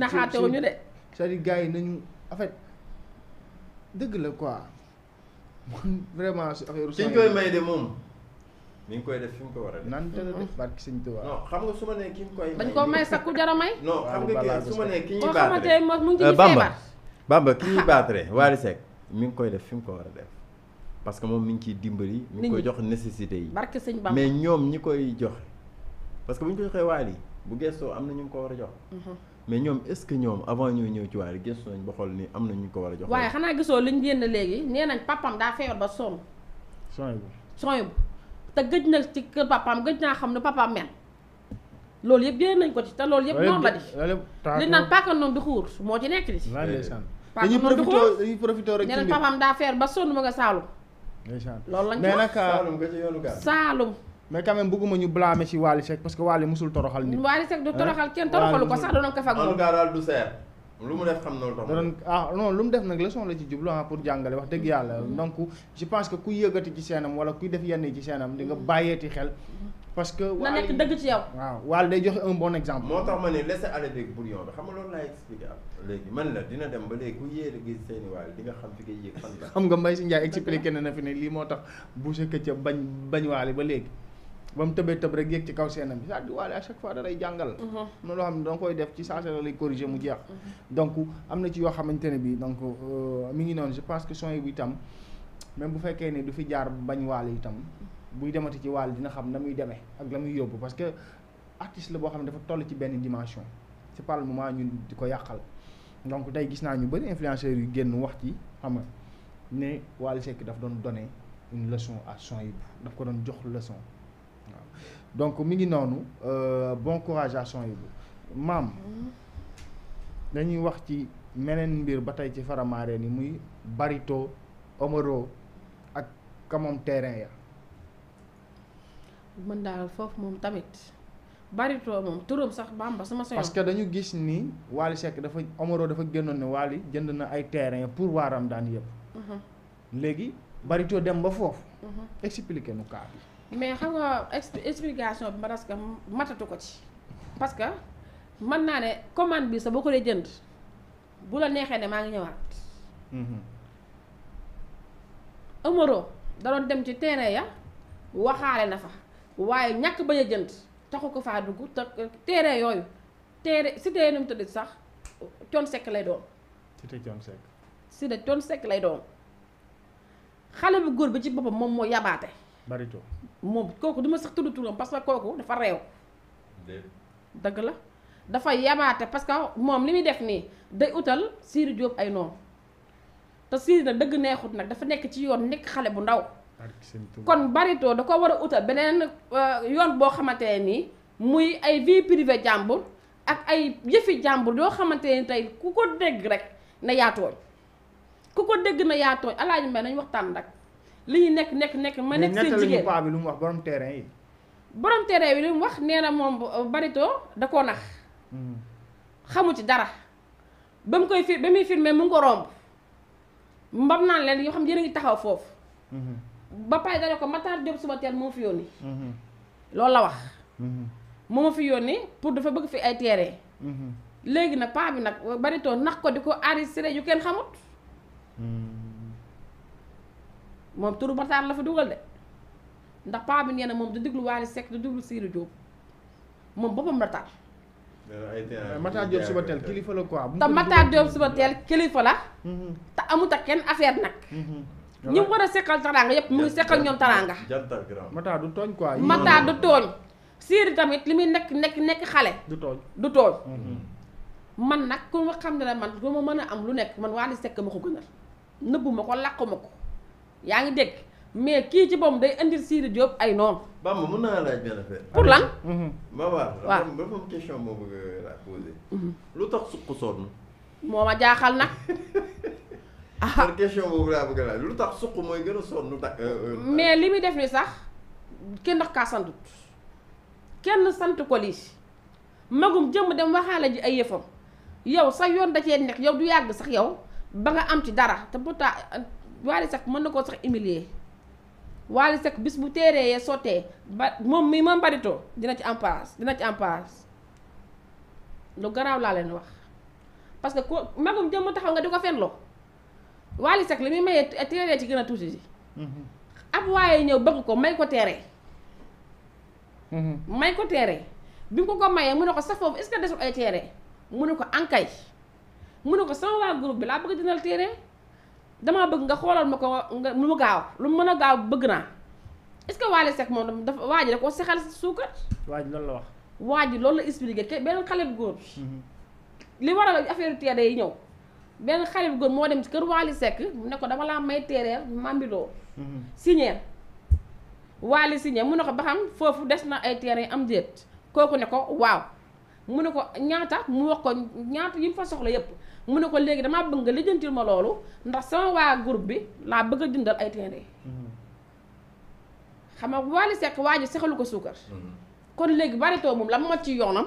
naxaatoo ñu de. c'est-à-dire gars yi nañu en dëgg la quoi man vraiment su affaire. suñ koy de moom. mi ngi koy def fi mu ko war a def. Mm-hmm. barki sëñ Tuubaa. non xam nga su ma nee ki mu koy. dañ ko may ma nee ki ñuy baatere mu ngi eh, Bamba Bamba ki ñuy baatere Wally Seck ngi koy def fi mu ko war a def. parce que moom mi ngi koy dimbali. mi ngi koy jox nécessité yi. barke sëñ Bamba mais ñoom ñi koy jox parce que bu ñu ko joxee Wally bu gestoo am na ñu ngi ko war a jox. Mm-hmm. mais ñoom est-ce que ñoom avant ñoo ñëw ci waar yi gëstu nañ ba xool ni am na ñu ko war a jox. waaye xanaa gisoo liñ génn léegi nee nañ papam daa feebar ba sonn. sonybu te gëj na ci kër gëj naa xam ne papam mel. loolu yëpp génn nañ ko ci te loolu yëpp noonu la di. li naan moo ci nekk di. dañuy profité dañuy profité ba sonn ma nga Saalum. loolu lañ ko wax Saalum Saalum. mais quand même bëgguma ñu blâmer ci Wally Seck parce que Wally musul toroxal nit. Wally Seck du toroxal kenn toroxalu ko sax doon ko fag moom. en daal du seer lu mu def xam na lu tax. doon ah non def nag la ah, pour jàngale wax dëgg yàlla mm-hmm. donc je pense que kuy yëgati ci seenam wala kuy def yenn yi ci seenam di nga mm-hmm. bàyyeeti xel. parce que na nekk ci yow. waaw Wally day joxe un moo tax ma ne laisser aller beeg bi xam nga loolu laay man dina dem ba léegi ku yéer a gis i nga xam fi ngay yéeg fan xam nga Mbaye si Ndiaye expliqué na na fi ne lii moo tax boucher këccëg bañ bañ Wally ba léegi ba mu tëbee tëb rek yéeg ci kaw seenam bi c'est-à-dire waale à chaque fois da lay jàngal. Uh-huh. am na loo xam ne da nga koy def ci saa la lay corriger mu jeex. Uh-huh. donc am na ci yoo xamante ne bii donc euh, mi ngi noonu je pense que son bi itam même bu fekkee ne du fi jaar bañ waale itam buy demati ci waale dina xam na muy demee ak la muy yóbbu parce que artiste la boo xam ne dafa toll ci benn dimension c'est pas le moment ñun di ko yàqal donc tey gis naa ñu bëri influenceurs yu génn wax ci xam nga ne Wally Seck daf doon donner une leçon à Sonyibou daf ko doon jox leçon. waaw donc mi ngi noonu euh, bon courage à Souhaïbou maam dañuy wax ci meneen mbir ba tey ci faramaare ni muy barito omoro ak kamom terrain ya mën daal foofu moom tamit barito moom turam sax bamba sama sañoon parce que dañu gis ni Wally Seck dafa omoro dafa génnoon ne Wally jënd na ay terrain pour waaram daan yëpp mhm. léegi barito dem ba foofu mhm. expliquer nu cas bi mais xam nga explication bi ma parce matatu ko ci parce que mën naa ne commande bi sax boo ko dee jënd bu la neexee ne maa ngi ñëwaat. Omaro mhm. da dem ci terrain ya waxaale na fa waaye ñàkk ba a jënd taxu ko faa dugg te téere yooyu téere si tey nu tëdd sax coon sekk lay doon. si tey coon sekk. si de coon sekk lay doon xale bu góor bi ci boppam moom moo yabaate. Marito moom kooku du ma sax tudd turam parce que kooku dafa reew dëgg la dafa yabaate parce que moom li muy def nii day utal Sidy Diop ay noonu te Sidy na dëgg neexut nag dafa nekk ci yoon nekk xale bu ndaw. kon Barito da ko war a utal beneen euh, yoon boo xamante ne nii muy ay vie privée jàmbur ak ay yëfi jàmbur yoo xamante ne tey ku ko dégg rek na yaatooñ ku ko dégg na yaatooñ alaaji mbay nañu waxtaan rek. li ñu nekk nekk nekk ma nekk seen jigéen paa bi lu mu wax borom terrain yi borom terrain bi lu mu wax nee na moom Barito da koo nax hmm. xamu ci dara ba mu koy fi ba muy filmé mu ngi ko romb mbam naan leen yoo xam yéen a ngi taxaw foofu hmm. ba pare dana ko Matar Diop suba teel moo fi yónni hmm. loolu la wax moo ma fi yónni pour dafa bëgg fi ay terrain léegi nag paa bi nag baritoo nax ko di ko enregistré yu kenn xamut moom turu Matar la fa dugal de ndax paa bi nee na moom du diglu Waly Seck du diglu Sidy Diop moom boppam la taal. Euh, Matar Diop suba teel kilifa la quoi. te Matar Diop suba teel kilifa la. Mm-hmm. te amut ak kenn affaire nag. Mm-hmm. ñi war a sekkal taraanga yépp mu ngi sekkal ñoom taraanga. Matar du tooñ quoi. Matar du tooñ. Sidy tamit li muy nekk nekk nekk xale. du tooñ du tooñ. Mm-hmm. man nag ku ma xam ne la man du ma mën a am lu nekk man Waly sekk ma ko gënal nëbbu ma ko làqu ko. yaa ngi dégg mais kii ci boppam day indil Sidy Diop ay noonu. Bamba mun naa laaj benn affaire. pour lan. Mawar. Mhm. waaw question moo bëgg laa posé. Mhm. lu tax suq sonn. moo ma jaaxal nag. ah lu tax suq mooy gën a sonn da. Euh, euh, euh, mais li muy def ni sax kenn ndax kaa kenn sant ko lii magum jëmm dem waxaale ji ay yëfam yow sax yoon da cee nekk yow du yàgg sax yow ba nga am ci dara te pourtant. Waly Seck mën na koo sax humilier Waly Seck bis bu téeree yee sottee ba moom mii moom Barito dina ci am impasse dina ci impasse lu garaaw laa leen wax parce que ku magum jëm taxaw nga di ko fenloo Waly Seck li muy mayee téeree ci gën a tuuti ji mm-hmm. ab waaye ñëw bëgg ko may ko teeree mm-hmm. may ko teeree bi mu ko ko mayee mu ne ko sax foofu est desul ay teeree mu ne ko ankay mu ne ko sama waa groupe bi laa bëgg dina la damaa bëgg nga xoolal ma ko nga lu mu gaaw lu mu mën a gaaw bëgg naa est-ce que Wally Seck moom dafa waa ji da koo sexal suukar. waa ji loolu la wax. waa ji loolu la expliqué ke benn xale bu góor. Mhm. li waral affaire teere yi ñëw benn xale bu góor moo dem ci kër Wally sekk mu ne ko dama laa may teereel mambiloo. Mhm. signé Wally signé mu ne ko ba xam foofu des na ay teere am déet kooku ne ko waaw. mu ne ko ñaata mu wax ko ñaata yi mu fa soxla yëpp mu ne ko léegi damaa bëgg nga lijjantil ma loolu ndax sama waa groupe bi laa bëgg a dindal ay teendee mm-hmm. xam nga Wally Seck waa ji sexalu ko suukar mm-hmm. kon léegi baritoo moom la moo ci yoonam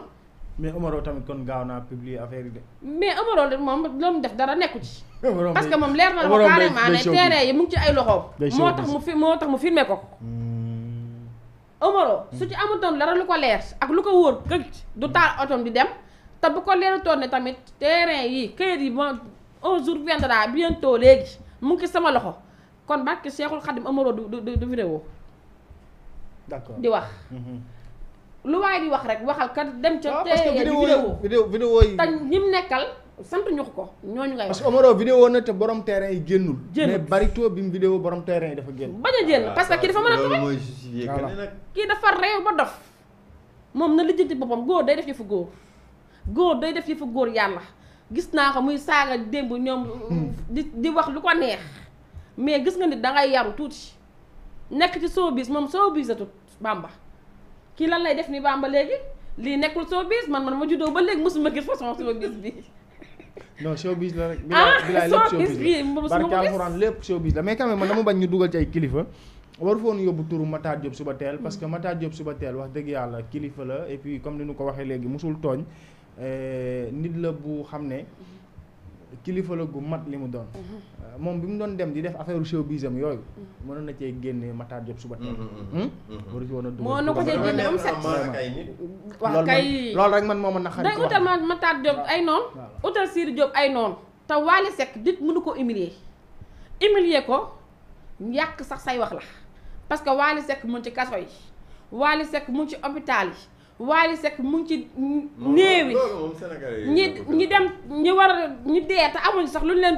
mais Omaro tamit kon naa publier affaire yi de mais Omaro moom def dara nekku ci parce que moom leer na la ko carrément ne teendee yi mu ci ay loxo moo tax mu fi moo tax mu filmé ko mm. Omaro su ci amutoon dara lu ko leer ak lu ko wóor këcc du taal otom di dem te bu ko leerutoon ne tamit terrain yi këyit yi bon un jour viendra bientôt léegi mu ngi sama loxo kon barke Seexul Xadim Omaro du du du vidéo di wax mhm. lu waaye di wax rek waxal kat dem ca tey vidéo vidéo yi te ñim nekkal sant ñu ko ñooñu ngay wax. parce que Omaro vidéo na te borom terrain yi génnul. génnul mais Barito bi mu vidéo borom terrain yi dafa génn. bañ a génn parce que kii dafa mën a tooy kii dafa réew ba dof moom na lijjanti boppam góor day def yëfu góor góor day def yëfu góor yàlla gis naa ko muy saaga démb ñoom. di di wax lu ko neex mais gis nga ni dangay yaru tuuti nekk ci showbiz moom showbiz atut Bamba kii lan lay def ni Bamba léegi lii nekkul showbiz man man ma juddoo ba léegi mosuma gis façon showbiz bi. non showbiz la rek. ah showbiz bi moom su ma ko gis barke alxuraan lépp showbiz la mais quand même man dama bañ ñu dugal ci ay kilifa. waru foon yóbbu turu Matar Diop suba teel parce que Matar Diop suba teel wax dëgg yàlla kilifa la et comme ni nu ko waxee léegi musul tooñ euh, nit la bu xam ne. Mhm. kilifala gu mat li mu doon. Mhm. Euh, moom bi mu doon dem di def affaire showbiz am yooyu. Mhm. mënoon na cee génne Matar Diop suba tey. Mhm, hmm? a moo na ko cee génne am set. waaw kay loolu rek man moo ma naqari. day utal Matar Diop ay noonu. utal Siir Diop ay noonu. te Wally Seck mënu ko humilier humilier ko yàq sax say wax la parce que Wally Seck mu ci kaso yi Wally Seck mu ci hôpital yi. Wally Seck mu ngi ci néewi ñi ñi dem ñi war a ñi dee te amuñ sax lu ñu leen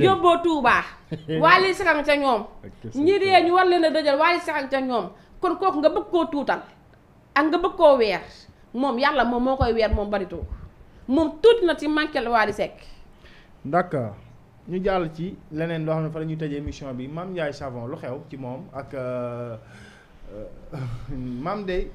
yóbboo Touba Wally Seck nga ca ñoom ñi dee ñu war leen a waa Wally Seck nga ñoom kon kooku nga bëgg koo tuutal ak nga bëgg koo weer moom yàlla moom moo koy weer moom baritoo moom tuuti na ci manquel Wally Seck d'accord ñu jàll ci leneen loo xam ne fa la ñuy tëjee bi mam Ndiaye Savon lu xew ci moom ak euh, euh, Mame Ndeye